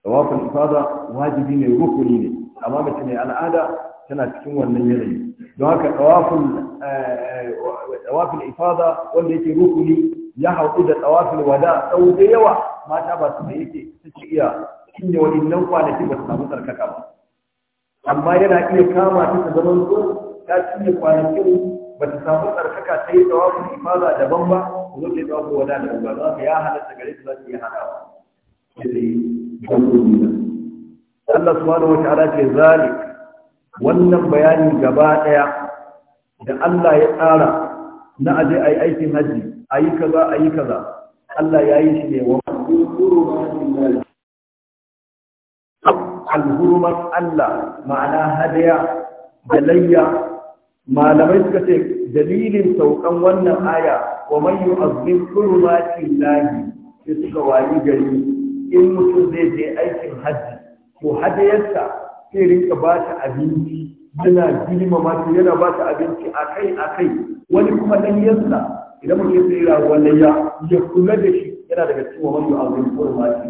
tawaful ifada wajibi ne rukuni ne amma mace mai al'ada tana cikin wannan yanayi don haka eh, tawaful ifada wanda yake rukuni ya hauɗu da tawaful wada sau da yawa mata ba su da yake ci iya cinye nan kwanaki ba su samu tsarkaka ba amma yana iya kama ta ta zama ta cinye kwanakin ba ta samu tsarkaka ta yi tawaful ifada daban ba ko zai tawaful wada daban ba za ka ya halatta gare su za su iya hadawa dabbobina Allah subhanahu wata'ala ce zalik wannan bayani gaba daya da Allah ya tsara na aje yi aikin haji ayi kaza ayi kaza Allah ya yi shi ne wa al-hurumat Allah ma'ana hadaya da layya malamai suka ce dalilin saukan wannan aya wa man yu'azzim hurumati Allah sai suka wani gari in mutum zai je aikin hajji ko hadayarsa sai rinka ba ta abinci yana girmama ta yana ba ta abinci akai akai wani kuma ɗanyensa idan mutum zai rawa layya ya kula da shi yana daga cikin wani abin ko ma shi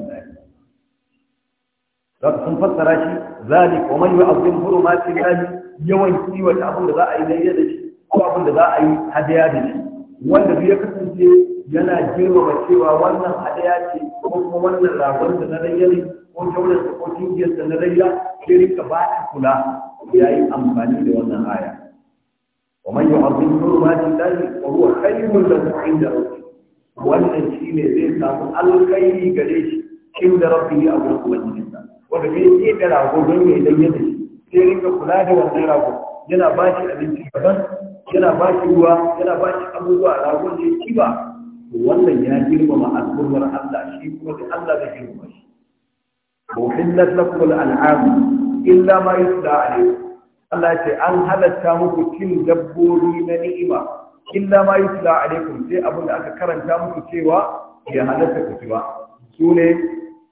za sun fassara shi zalik wa man yu'azzim hurumati Allah yawan kiwata abin da za a yi layya da shi ko abin da za a yi hadaya da shi wanda duk ya kasance yana girmama cewa wannan hadaya ce ko kuma wannan ragon da na rayya ne ko taurin ko tingiyar da na rayya sai rika ba ta kula ya yi amfani da wannan aya wa man yu'azzim hurumati llahi wa huwa khayrun lahu 'inda rabbih wannan shine zai samu alkhairi gare shi inda ne a gurin ubangijinsa wanda bai yi da rago don ya yi da yadda shi sai rika kula da wannan rago yana ba shi abinci daban yana ba shi ruwa yana ba shi abubuwa ragon da ya kiba wannan ya girmama al'ummar Allah shi kuma da Allah da girmama shi muhillat lakum al'adu illa ma yusla alaykum Allah ce an halatta muku cin dabbobi na ni'ima illa ma yusla alaykum sai abin da aka karanta muku cewa ya halatta ku ci ba sune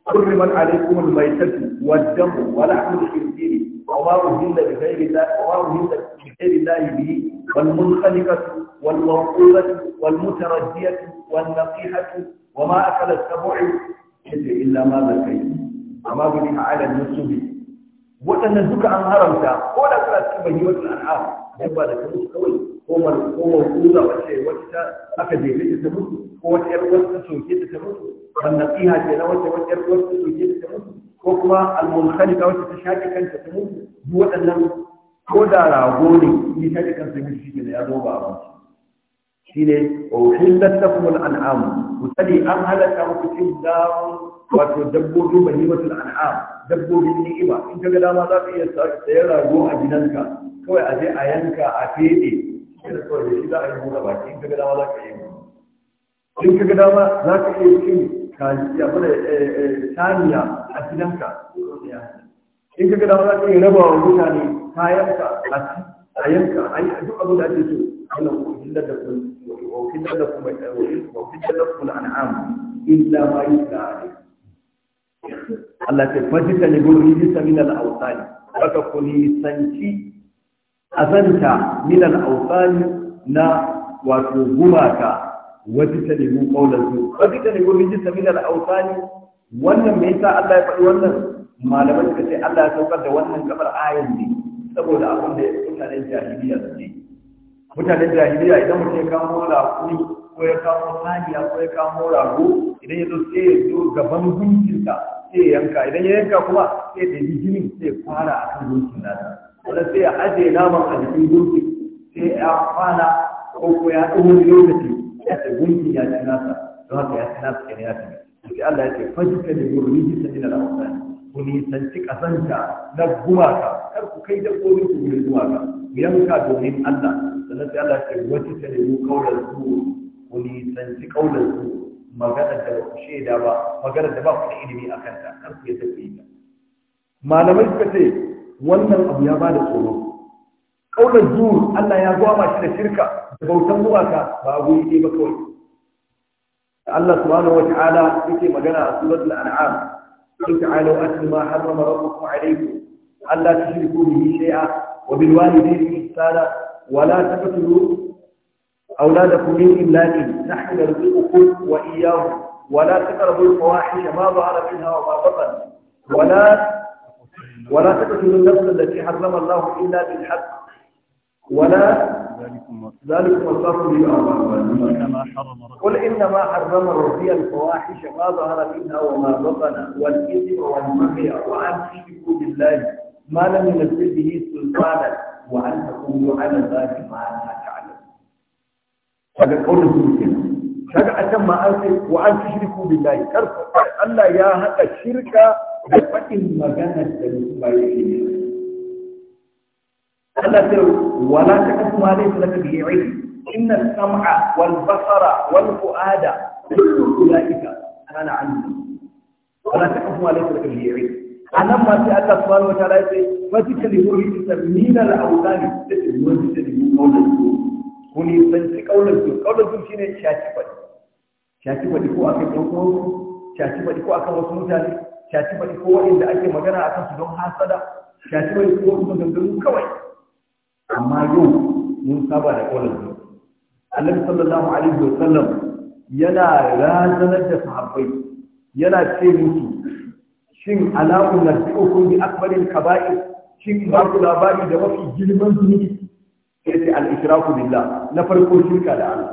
حرمت عليكم الميتة والدم ولحم الخنزير وما أهل بغير الله وما أهل بغير الله به والمنخنقة والموقوذة والمتردية والنصيحة وما أكل السبع إلا ما ذكيت أما بني على النسب waɗannan duka an haramta ko da suna cikin bayyuwar al'am dan ba da kansu kawai ko mar ko wace wacce ta aka jefe ta mutu ko wacce yar wacce ta soke ta ta mutu wannan tsiha ce na wacce wacce yar ta soke ta ta mutu ko kuma ta shaƙe mutu ko da rago ne ya shaƙe kansa ne ya zo abinci shine uhillat lakum al-an'am ku sani an halaka muku cin damu wato dabbobin bahimatul an'am dabbobin ni'ima in kaga dama za ka iya sayar rago a gidanka kawai a je a yanka a fede shi da kawai da shi za a yi buɗe baki in kaga dama za ka iya in kaga dama za ka iya cin kajiya mana eh, eh, saniya a gidanka in kaga dama za ka iya raba wa mutane kayanka a yanka a yi duk abin da ake so Allah ku illar da kun وأحل لكم وأحل لكم الأنعام إلا ما يتلى عليكم Allah ce fajita ne gurin rijista minal ausani baka ku nisanci azanta minal ausani na wato gumaka wajita ne mu kaular su wannan me yasa Allah ya faɗi wannan malamai suka ce Allah ya saukar da wannan kamar ayan ne saboda abin da mutanen jahiliya su ne mutanen jahiliya idan mutum ya kamo raƙuri ko ya kamo saniya ko ya kamo rago idan ya zo sai ya zo gaban gunkinsa sai ya yanka idan ya yanka kuma sai da ɗabi jinin sai ya fara a kan gunkin nasa wanda sai ya ajiye naman a jikin gunkin sai ya fara ko ko ya wani lokaci ya ce gunkin ya ci nasa don haka ya ci nasa kenan ya ci sai Allah ya ce fajita da gurbi jisa ne na rahoton ku nisanci kasanta na gumaka kar ku kai dabbobin ku gurin gumaka yanka domin Allah sannan sai Allah ce wata ta nemi kaular su ku nisanci kaular su magana da ku shaida ba magana da ba ku da ilimi a kanta kar ku yadda ku yi ta malamai suka ce wannan abu ya bada tsoro kaular zuwa Allah ya gwama shi da shirka da bautan gumaka ba abu yi ba kawai Allah subhanahu wa ta'ala yake magana a suratul an'am قل تعالوا أتل ما حرم ربكم عليكم ألا تشركوا به شيئا وبالوالدين إحسانا ولا تقتلوا أولادكم من إملاك نحن نرزقكم وإياهم ولا تقربوا الفواحش ما ظهر منها وما بطن ولا ولا تقتلوا النفس التي حرم الله إلا بالحق ولا ذلكم وصاكم به قل إنما حرم ربي الفواحش ما ظهر منها وما بطن والإثم والبغي وأن تشركوا بالله ما لم ينزل به سلطانا وان تقولوا على ذلك ما لا تعلم هذا قول المسلمين شرعة ما أرسل وأن تشركوا بالله كرفة ألا يا هذا الشرك فإن مكانه كانت تنسوا يشيني ألا تروا ولا تكتم عليك لك بيعين إن السمع والبصر والفؤاد كل أولئك أنا عنه ولا تكتم عليك لك بيعين a nan ma sai Allah subhanahu wataala ya ce fatika li hurri tamina al awlani da ke wani da ke kaulan su ko ni san ci kaulan su kaulan su shine shaci fadi shaci fadi ko akai ko shaci fadi ko akan wasu mutane shaci fadi ko wanda ake magana akan su don hasada shaci fadi ko wasu maganganu kawai amma yau mun saba da kaulan su Annabi sallallahu alaihi wa sallam yana razanar da sahabbai yana ce musu shin alaƙun na bi'ukun bi akbarin kaba'i shin ba ku labari da mafi girman zunubi sai ce al'ishiraku billah na farko shirka da Allah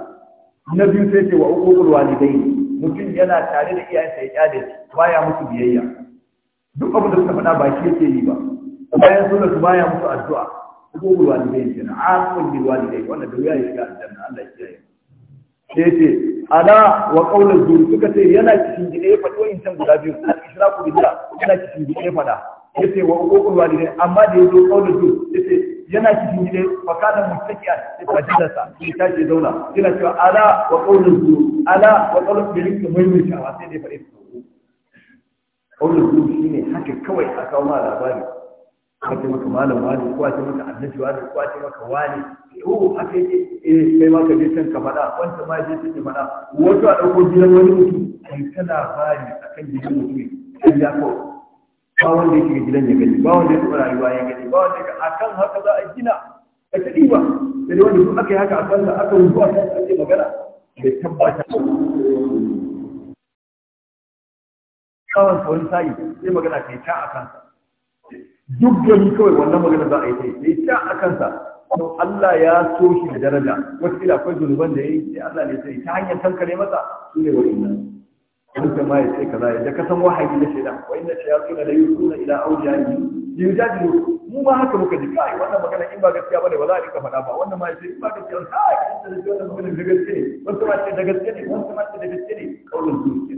na biyu sai ce wa uqul walidai mutum yana tare da sai ya ba baya musu biyayya duk abin da suka faɗa ba shi yake yi ba bayan sunan su baya musu addu'a uqul walidai kenan aqul bil walidai wannan da wuya ya shiga aljanna Allah ya kiyaye sai ce ala wa qawlu zuri suka ce yana cikin gine ya faɗi wa'in can guda biyu al ku billah yana cikin gine ya faɗa yace wa uqul ne amma da yazo qawlu zuri yace yana cikin gine fa kana muttaqiya sai fajilasa sai ta ce zauna yana cewa ala wa qawlu zuri ala wa qawlu billah mai mai shawa sai dai faɗi qawlu zuri shine haka kawai aka kawo ma labari kwace maka malam wani ko maka annabi wani ko maka wani o haka yake eh kai ma ka je can ka faɗa wanda ma je can ka faɗa wato a ɗauko gidan wani mutum kai kana fari akan jiran gidan mutum kai ya ko ba wanda yake gidan ya gani ba wanda ya rayuwa ya gani ba wanda ya akan haka za a gina a ta ba. da wanda duk aka yi haka a kansa aka rubu a kansa magana bai tabbata kawai kawai sa'i sai magana kai ta a kansa duk gari kawai wannan magana za a yi sai sai ta a kansa don Allah ya so shi da daraja wasu ila akwai zunuban da ya yi sai Allah ne sai ta hanyar tanka ne masa su ne wa inna wanda ma ya ce kaza yadda ka san wahayi na shaidan wa inna shayatuna la yusuna ila awliyahi yujadilu mu ba haka muka ji kai wannan magana in ba gaskiya bane ba za a rika faɗa ba wannan ma ya ce in ba gaskiya kai in da wannan magana da gaske ne wasu ma ce da gaske ne wasu ma ce da gaske ne kaulin zuciya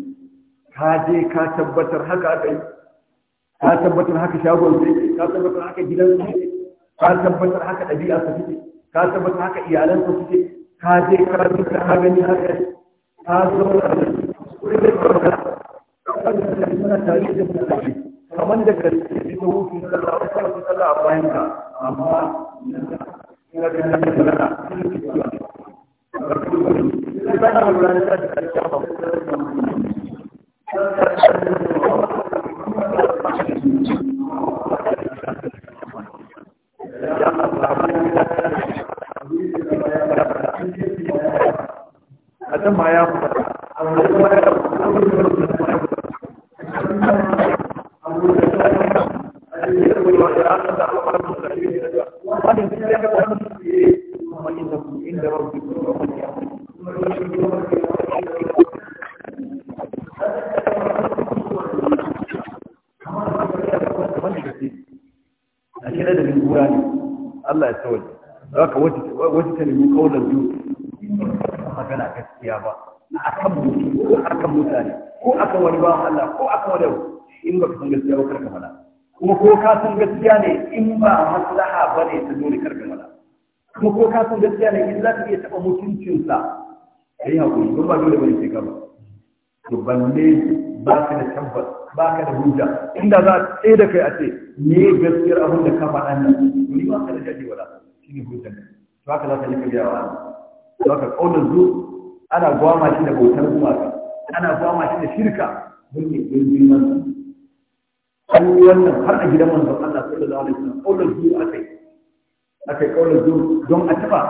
ka je ka tabbatar haka aka yi ka tabbatar haka shagon sai ka tabbatar haka gidan sai ka tabbatar haka ɗabi'a sa take ka tabbatar haka iyalan sa suke ka je ka rubuta ka gani haka ka zauna da kuɗin da ka rubuta tare da mutane kamar da ka rubuta ta hukun sallah wata wata sallah a bayan amma ina da nan da na Thank you. 干嘛呀？sa'a ba ne ta dole karka mana kuma ko ka san gaskiya ne in za ka iya taɓa mutuncinsa ka yi haƙuri don ba dole ba ne sai ka ba to balle ba ka da tabbas ba ka da hujja inda za a tsaye da kai a ce me gaskiyar abin da ka faɗa nan to ni ba ka da jaje wala shi ne hujja to haka za ka nika biya wa to haka ƙaunar zu ana gwama shi da bautar gumaka ana gwama shi da shirka don ne don girman an yi wannan har a gidan manzon Allah sallallahu alaihi wasallam kaular zuwa akai akai kaular zuwa don a taba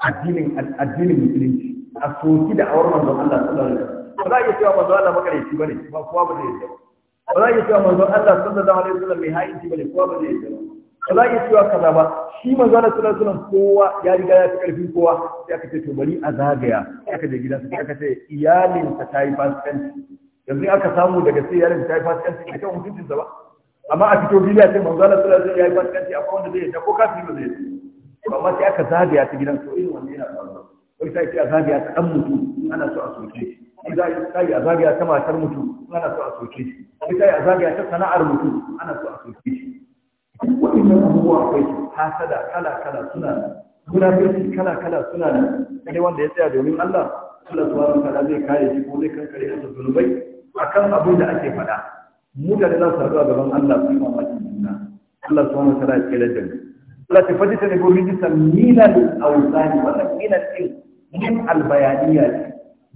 addinin addinin musulunci a soki da awar manzon Allah sallallahu alaihi wasallam ba za a iya cewa manzon Allah makareci bane ba kowa ba zai yarda ba za a iya cewa manzon Allah sallallahu alaihi wasallam mai haiti bane kowa ba zai yarda ba za a iya cewa kaza ba shi manzon Allah sallallahu alaihi wasallam kowa ya riga ya fi karfin kowa sai aka ce to bari a zagaya aka je gidansa sai aka ce iyalinsa ta yi fasikanci yanzu aka samu daga sai yaron ta yi fasikanci a kan hukuncinsa ba amma a fito biliya sai manzo Allah sallallahu alaihi wasallam ya yi fasikanci akwai wanda zai yadda ko kafiri ba zai yadda amma sai aka a ta gidan so irin wanda yana faruwa wai sai sai a a ta dan mutu, ana so a soke shi sai a a ta matar mutu, ana so a soke shi sai a a ta sana'ar mutu, ana so a soke shi waɗannan abubuwa akwai hasada kala kala suna nan munafiki kala kala suna da. sai wanda ya tsaya domin Allah Allah subhanahu wa ta'ala zai kare shi ko zai kankare masa zunubai akan abin da ake faɗa mu da za su haɗu a gaban Allah su yi mamakin juna Allah su wani tara ke da jami Allah ta faɗi ta nemo rijistar milan ausani wannan milan ɗin min albayaniya ne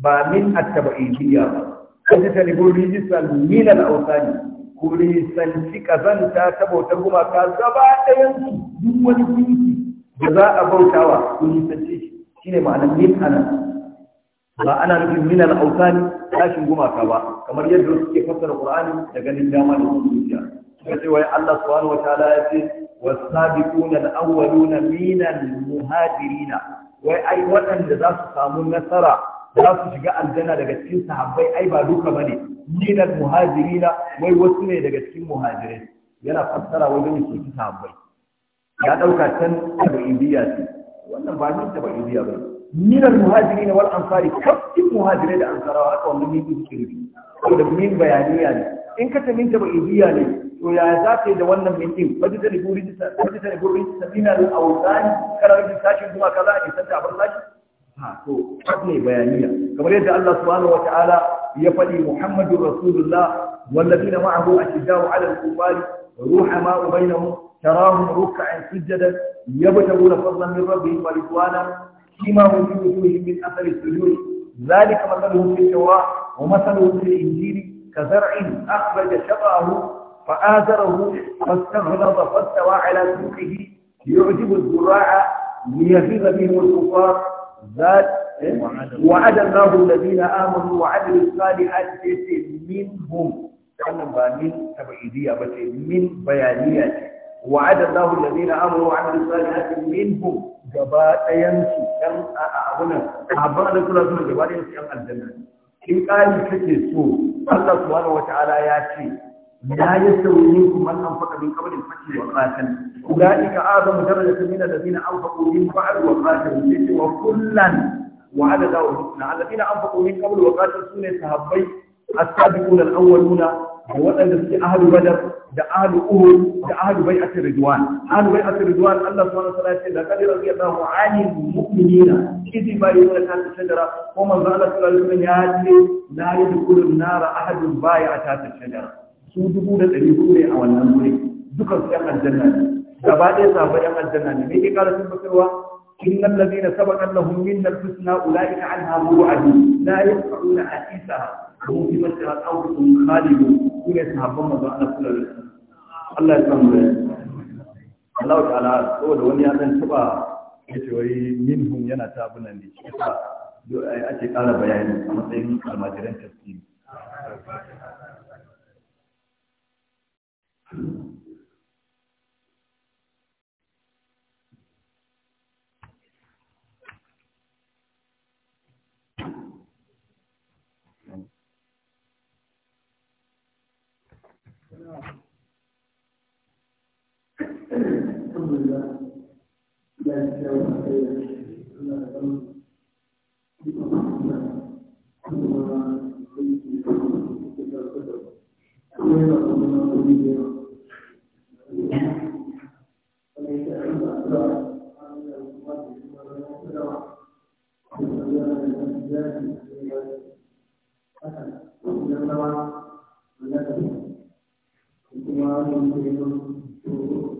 ba min attaba'idiyya ba faɗi ta nemo rijistar milan ausani ku nisanci kazanta ta bautar gumaka gaba ɗayan su duk wani kinki da za a bautawa ku nisanci shi ne ma'anar min anan ba ana nufin minal autan tashin gumaka ba kamar yadda suke fassara qur'ani da ganin dama da zuciya suka ce wai Allah subhanahu Taala ya ce wasabiquna alawwaluna minal muhajirina wai ai waɗanda za su samu nasara za su shiga aljanna daga cikin sahabbai ai ba duka bane minal muhajirina wai wasu ne daga cikin muhajirai yana fassara wajen su sahabbai ya dauka can tabi'iyya ce wannan ba ni tabi'iyya bane min al na wal ansari kafin muhajirai da ansarawa aka wannan min zikiri saboda min bayaniya ne in ka ta minta ba'idiyya ne to ya za ka yi da wannan min din wajen tani gurin wajen tani gurin sabina da awzani karar da sashi kuma kaza a isar da abin sashi ha to kaf ne bayaniya kamar yadda Allah ya faɗi Muhammadur Rasulullah والذين معه أشداء على الكفار رحماء بينهم تراهم ركعا سجدا يبتغون فضلا من ربهم ورضوانا فيما هم في وجوههم من اثر السجود ذلك مثلهم في التوراه ومثلهم في الانجيل كزرع اخرج شطاه فآزره فاستغلظ فاستوى على سوقه يعجب الزراع ليغيظ بهم الكفار ذات وعد الله الذين آمنوا وعملوا الصالحات منهم wannan ba min tabaidiyya ba ce min bayaniya ce wa'ada Allahu alladhina amanu wa 'amilu salihati minhum gaba ɗayan su ɗan abuna abban da kula suna gaba ɗayan su ɗan aljanna in ƙari kake so Allah wata ala ya ce la yastawi minkum man anfaqa min qabli al-fath wa qatal ulaika a'zamu darajatan min الحسنى الذين أنفقوا من قبل وقاتلوا سنة صحابي السابقون الأولون وأن في أهل بدر da ahlu uhud da ahlu bai'at ridwan ahlu bai'at ridwan Allah subhanahu wa ta'ala ce da qad radiyallahu 'anil mu'minina idh bayyana ta shajara wa man zala sallallahu alaihi ya ce la yadkhulun nar ahadun bai'ata ta shajara su dubu da dari ku ne a wannan wuri dukan su yan aljanna ne gaba ɗaya sabon yan aljanna ne me ke ƙara tabbatarwa إن الذين سبق لهم منا الحسنى أولئك عنها مبعدون لا يسمعون حديثها ko kuma ta tsawon khalidu ko ne sahabban manzo Allah kula da wasallam Allah ya samu rai Allah ta'ala saboda wani ya dan taba yace wai minhum yana tabunan ne shi yasa ake ƙara bayani a matsayin almajiran tafsiri saboda ya ci yawa a kai da suna da kuma da kuma da kuma yana da Thank you.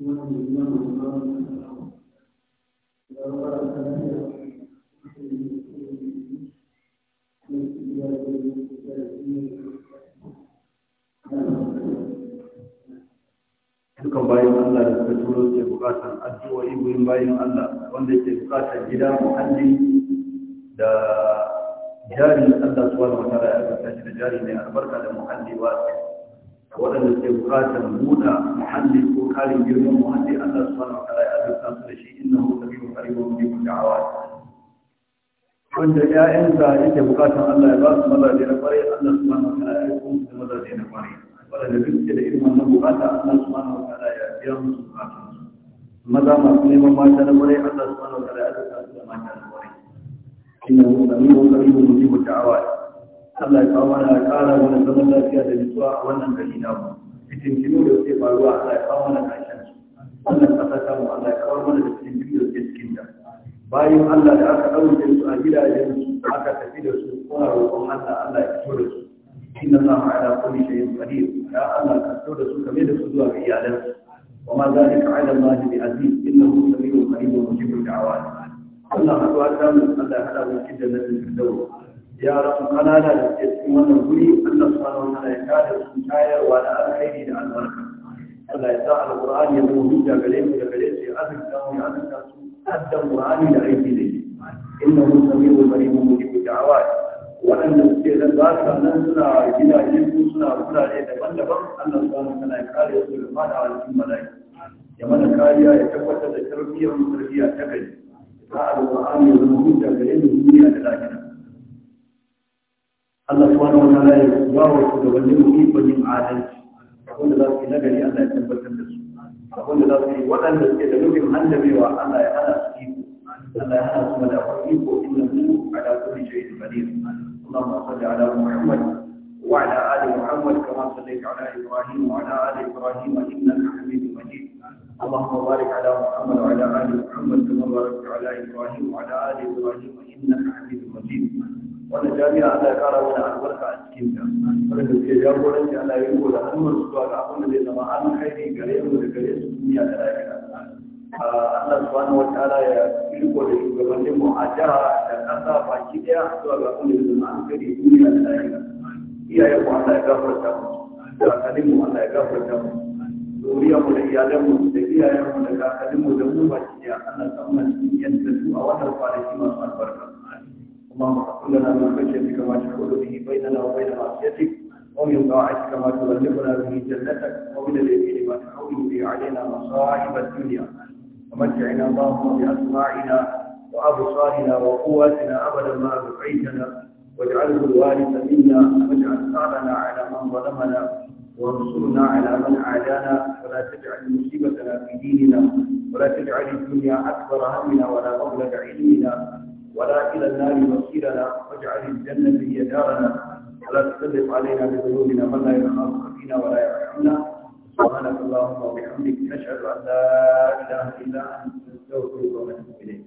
dukan bayan Allah da suka turo ke bukatar addu'o'i gurin bayan Allah wanda ke bukatar gida muhalli da jari Allah suwa da wata ya shi da jari mai albarka da muhalli wasi waɗanda suke bukatar buɗa muhalli ko karin girman muhalli Allah subhanahu wa ta'ala ya azurta su da shi inna hu tabi'u qaribun min da'awa wanda ƴaƴansa yake bukatar Allah ya ba su mazaje na kwarai Allah subhanahu wa ta'ala ya kuma su mazaje na kwarai waɗanda duk suke da irin wannan bukata Allah subhanahu wa ta'ala ya biya musu bukatun maza masu neman mata na kwarai Allah subhanahu wa ta'ala ya azurta su da mata na kwarai inna hu tabi'u qaribun min da'awa Allah ya kawo mana ya kara mana zaman lafiya da nutsuwa a wannan gari na mu fitintinu da suke faruwa Allah ya kawo mana ƙarshen su Allah ya kasa mu Allah ya kawo mana da fitintinu da suke cikin da bayan Allah da aka ɗauke su a gidajen su aka tafi da su kuma roƙon Allah Allah ya fito da su inna Allah ala kulli shay'in qadir ya Allah ka fito da su kame da su zuwa ga iyalansu وما ذلك على الله بعزيز انه سميع قريب مجيب الدعوات الله أكبر الله هذا من كده نزل في الدور yara su kanana da ke cikin wannan guri Allah subhanahu wa ta'ala ya kada su tayarwa da alkhairi da albarka Allah ya sa alqur'ani ya zama hujja gare mu da gare su ya azurta mu ya azurta su addan qur'ani da aiki da shi innahu samiu qaribun mujibu da'awat waɗanda suke zan ba su nan suna gidaje ko suna wurare daban-daban Allah subhanahu wa ta'ala ya kare su da fada wa cikin mala'ika ya mana kariya ya tabbatar da tarbiyyar mu tarbiyya ta gari ta alqur'ani ya zama hujja gare mu duniya da lafiya Allah subhanahu wa ta'ala ya ba wa shugabannin mu ikon yin adalci abinda za su yi nagari Allah ya tabbatar da su abinda za su yi waɗanda suke da nufin hannabewa Allah ya hana su iko Allah ya hana su madafa iko inna mu ala kulli shay'in qadir Allahumma salli ala Muhammad wa ala ali Muhammad kama sallaita ala Ibrahim wa ala ali Ibrahim innaka Hamidum Majid اللهم بارك على محمد وعلى ال محمد كما باركت على ابراهيم وعلى ال ابراهيم انك حميد مجيد wannan jami'a Allah ya kara mana albarka a cikin ta wanda da ke jagoranci Allah ya yi da hannun su zuwa ga abin da zai zama alkhairi gare mu da gare su duniya da lafiya ah, Allah subhanahu wa ta'ala ya riko da shugabannin mu a jiha da kasa baki daya zuwa ga abin da zai zama alkhairi duniya da lafiya iyaye mu Allah ya gafarta mu kakannin mu Allah ya gafarta mu zuriyar mu da iyalan mu da iyayen mu da kakannin mu da mu baki daya Allah ya a wannan kwanaki masu albarka اللهم اغفر لنا من خشيتك ما تحول به بيننا وبين معصيتك ومن طاعتك ما تبلغنا به جنتك ومن اليمين ما تحول به علينا مصائب الدنيا ومتعنا اللهم باسماعنا وابصارنا وقواتنا ابدا ما ابقيتنا واجعله الوارث منا واجعل ثارنا على من ظلمنا وانصرنا على من عادانا ولا تجعل مصيبتنا في ديننا ولا تجعل الدنيا اكبر همنا ولا مبلغ علمنا ولا إلى النار مصيرنا واجعل الجنة هي دارنا ولا تسلط علينا بذنوبنا من لا يخافك فينا ولا يرحمنا سبحانك اللهم وبحمدك نشهد أن لا إله إلا أنت نستغفرك ونتوب إليك